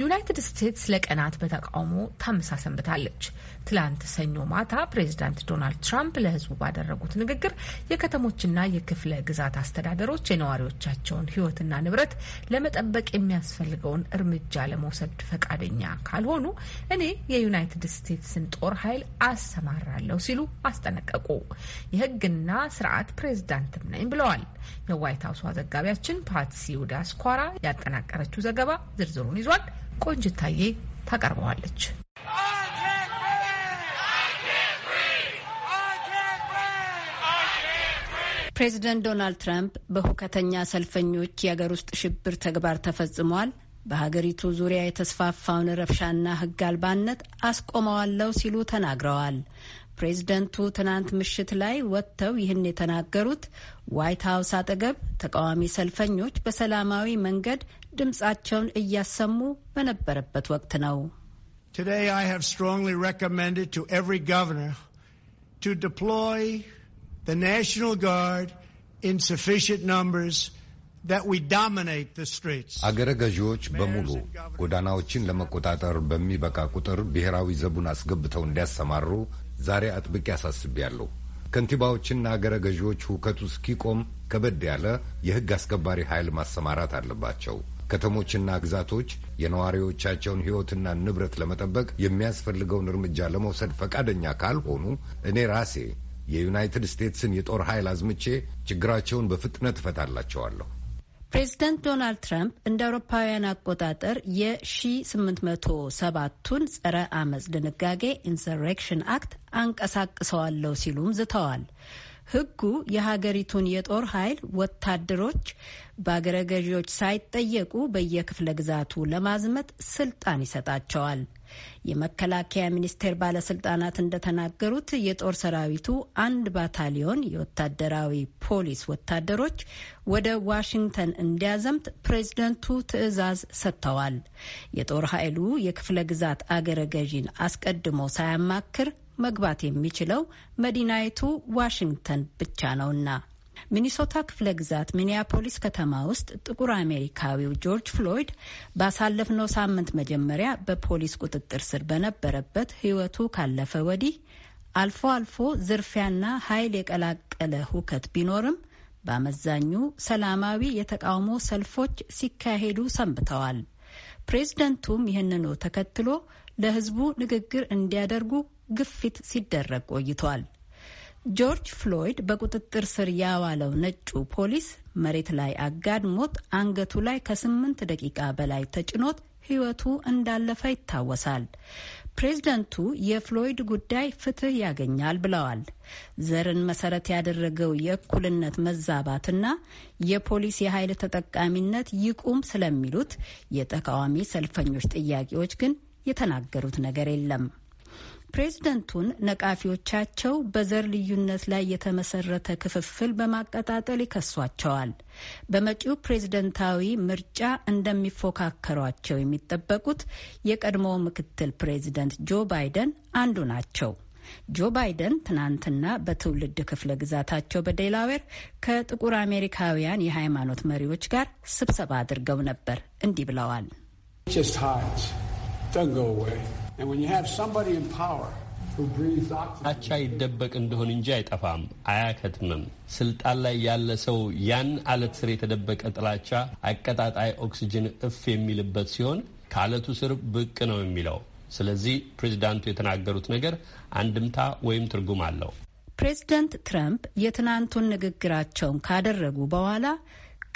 ዩናይትድ ስቴትስ ለቀናት በተቃውሞ ታምሳ ሰንብታለች። ትላንት ሰኞ ማታ ፕሬዚዳንት ዶናልድ ትራምፕ ለሕዝቡ ባደረጉት ንግግር የከተሞችና የክፍለ ግዛት አስተዳደሮች የነዋሪዎቻቸውን ሕይወትና ንብረት ለመጠበቅ የሚያስፈልገውን እርምጃ ለመውሰድ ፈቃደኛ ካልሆኑ እኔ የዩናይትድ ስቴትስን ጦር ኃይል አሰማራለሁ ሲሉ አስጠነቀቁ። የሕግና ስርዓት ፕሬዚዳንትም ነኝ ብለዋል። የዋይት ሀውሷ ዘጋቢያችን ፓትሲ ውዳስኳራ ያጠናቀረችው ዘገባ ዝርዝሩን ይዟል። ቆንጅታዬ ታቀርበዋለች። ፕሬዚደንት ዶናልድ ትራምፕ በሁከተኛ ሰልፈኞች የአገር ውስጥ ሽብር ተግባር ተፈጽሟል፣ በሀገሪቱ ዙሪያ የተስፋፋውን ረብሻና ሕግ አልባነት አስቆመዋለሁ ሲሉ ተናግረዋል። ፕሬዝደንቱ ትናንት ምሽት ላይ ወጥተው ይህን የተናገሩት ዋይት ሀውስ አጠገብ ተቃዋሚ ሰልፈኞች በሰላማዊ መንገድ ድምጻቸውን እያሰሙ በነበረበት ወቅት ነው። to deploy the National Guard in sufficient numbers አገረ ገዢዎች በሙሉ ጎዳናዎችን ለመቆጣጠር በሚበቃ ቁጥር ብሔራዊ ዘቡን አስገብተው እንዲያሰማሩ ዛሬ አጥብቄ አሳስቤያለሁ። ከንቲባዎችና አገረ ገዢዎች ሁከቱ እስኪቆም ከበድ ያለ የሕግ አስከባሪ ኃይል ማሰማራት አለባቸው። ከተሞችና ግዛቶች የነዋሪዎቻቸውን ሕይወትና ንብረት ለመጠበቅ የሚያስፈልገውን እርምጃ ለመውሰድ ፈቃደኛ ካልሆኑ እኔ ራሴ የዩናይትድ ስቴትስን የጦር ኃይል አዝምቼ ችግራቸውን በፍጥነት እፈታላቸዋለሁ። ፕሬዚደንት ዶናልድ ትራምፕ እንደ አውሮፓውያን አቆጣጠር የ1807ቱን ጸረ አመፅ ድንጋጌ ኢንሰሬክሽን አክት አንቀሳቅሰዋለሁ ሲሉም ዝተዋል። ህጉ የሀገሪቱን የጦር ኃይል ወታደሮች በአገረ ገዢዎች ሳይጠየቁ በየክፍለ ግዛቱ ለማዝመት ስልጣን ይሰጣቸዋል። የመከላከያ ሚኒስቴር ባለስልጣናት እንደተናገሩት የጦር ሰራዊቱ አንድ ባታሊዮን የወታደራዊ ፖሊስ ወታደሮች ወደ ዋሽንግተን እንዲያዘምት ፕሬዝደንቱ ትዕዛዝ ሰጥተዋል። የጦር ኃይሉ የክፍለ ግዛት አገረ ገዢን አስቀድሞ ሳያማክር መግባት የሚችለው መዲናይቱ ዋሽንግተን ብቻ ነውና ሚኒሶታ ክፍለ ግዛት ሚኒያፖሊስ ከተማ ውስጥ ጥቁር አሜሪካዊው ጆርጅ ፍሎይድ ባሳለፍነው ሳምንት መጀመሪያ በፖሊስ ቁጥጥር ስር በነበረበት ሕይወቱ ካለፈ ወዲህ አልፎ አልፎ ዝርፊያና ኃይል የቀላቀለ ሁከት ቢኖርም በአመዛኙ ሰላማዊ የተቃውሞ ሰልፎች ሲካሄዱ ሰንብተዋል። ፕሬዝደንቱም ይህንኑ ተከትሎ ለሕዝቡ ንግግር እንዲያደርጉ ግፊት ሲደረግ ቆይቷል። ጆርጅ ፍሎይድ በቁጥጥር ስር ያዋለው ነጩ ፖሊስ መሬት ላይ አጋድሞት አንገቱ ላይ ከስምንት ደቂቃ በላይ ተጭኖት ሕይወቱ እንዳለፈ ይታወሳል። ፕሬዝደንቱ የፍሎይድ ጉዳይ ፍትህ ያገኛል ብለዋል። ዘርን መሰረት ያደረገው የእኩልነት መዛባትና የፖሊስ የኃይል ተጠቃሚነት ይቁም ስለሚሉት የተቃዋሚ ሰልፈኞች ጥያቄዎች ግን የተናገሩት ነገር የለም። ፕሬዝደንቱን ነቃፊዎቻቸው በዘር ልዩነት ላይ የተመሰረተ ክፍፍል በማቀጣጠል ይከሷቸዋል። በመጪው ፕሬዝደንታዊ ምርጫ እንደሚፎካከሯቸው የሚጠበቁት የቀድሞ ምክትል ፕሬዝደንት ጆ ባይደን አንዱ ናቸው። ጆ ባይደን ትናንትና በትውልድ ክፍለ ግዛታቸው በዴላዌር ከጥቁር አሜሪካውያን የሃይማኖት መሪዎች ጋር ስብሰባ አድርገው ነበር። እንዲህ ብለዋል። አቻ ይደበቅ እንደሆን እንጂ አይጠፋም፣ አያከትምም። ስልጣን ላይ ያለ ሰው ያን አለት ስር የተደበቀ ጥላቻ አቀጣጣይ ኦክሲጅን እፍ የሚልበት ሲሆን ከአለቱ ስር ብቅ ነው የሚለው። ስለዚህ ፕሬዚዳንቱ የተናገሩት ነገር አንድምታ ወይም ትርጉም አለው። ፕሬዚደንት ትራምፕ የትናንቱን ንግግራቸውን ካደረጉ በኋላ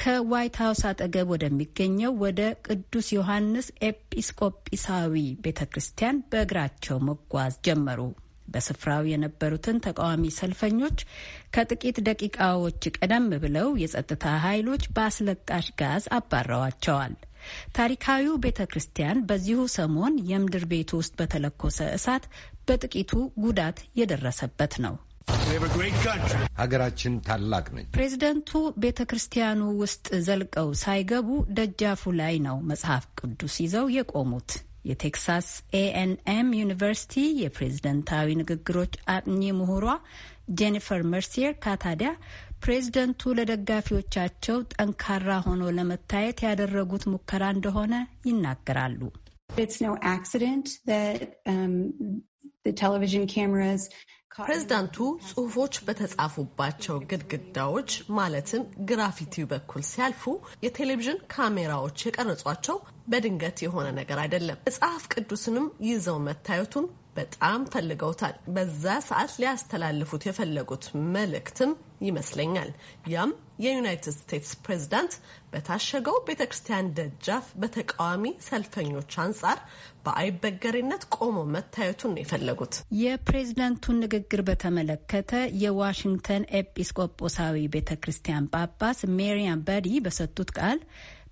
ከዋይት ሀውስ አጠገብ ወደሚገኘው ወደ ቅዱስ ዮሐንስ ኤጲስቆጲሳዊ ቤተ ክርስቲያን በእግራቸው መጓዝ ጀመሩ። በስፍራው የነበሩትን ተቃዋሚ ሰልፈኞች ከጥቂት ደቂቃዎች ቀደም ብለው የጸጥታ ኃይሎች በአስለቃሽ ጋዝ አባረዋቸዋል። ታሪካዊው ቤተ ክርስቲያን በዚሁ ሰሞን የምድር ቤቱ ውስጥ በተለኮሰ እሳት በጥቂቱ ጉዳት የደረሰበት ነው። ሀገራችን ታላቅ ነች። ፕሬዚደንቱ ቤተ ክርስቲያኑ ውስጥ ዘልቀው ሳይገቡ ደጃፉ ላይ ነው መጽሐፍ ቅዱስ ይዘው የቆሙት። የቴክሳስ ኤኤንኤም ዩኒቨርሲቲ የፕሬዝደንታዊ ንግግሮች አጥኚ ምሁሯ ጄኒፈር መርሲየር ካታዲያ ፕሬዝደንቱ ለደጋፊዎቻቸው ጠንካራ ሆኖ ለመታየት ያደረጉት ሙከራ እንደሆነ ይናገራሉ። It's no accident that um, the television cameras ፕሬዚዳንቱ ጽሁፎች በተጻፉባቸው ግድግዳዎች ማለትም ግራፊቲ በኩል ሲያልፉ የቴሌቪዥን ካሜራዎች የቀረጿቸው በድንገት የሆነ ነገር አይደለም። መጽሐፍ ቅዱስንም ይዘው መታየቱን በጣም ፈልገውታል። በዛ ሰዓት ሊያስተላልፉት የፈለጉት መልእክትም ይመስለኛል ያም የዩናይትድ ስቴትስ ፕሬዝዳንት በታሸገው ቤተ ክርስቲያን ደጃፍ በተቃዋሚ ሰልፈኞች አንጻር በአይበገሬነት ቆሞ መታየቱን የፈለጉት የፕሬዝዳንቱን ንግግር በተመለከተ የዋሽንግተን ኤጲስቆጶሳዊ ቤተ ክርስቲያን ጳጳስ ሜሪያም በዲ በሰጡት ቃል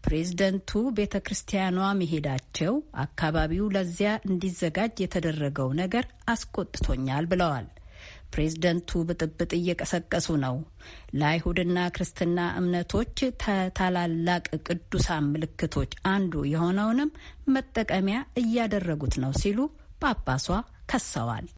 ፕሬዝደንቱ ቤተ ክርስቲያኗ መሄዳቸው አካባቢው ለዚያ እንዲዘጋጅ የተደረገው ነገር አስቆጥቶኛል ብለዋል። ፕሬዝደንቱ ብጥብጥ እየቀሰቀሱ ነው። ለአይሁድና ክርስትና እምነቶች ታላላቅ ቅዱሳን ምልክቶች አንዱ የሆነውንም መጠቀሚያ እያደረጉት ነው ሲሉ ጳጳሷ ከሰዋል።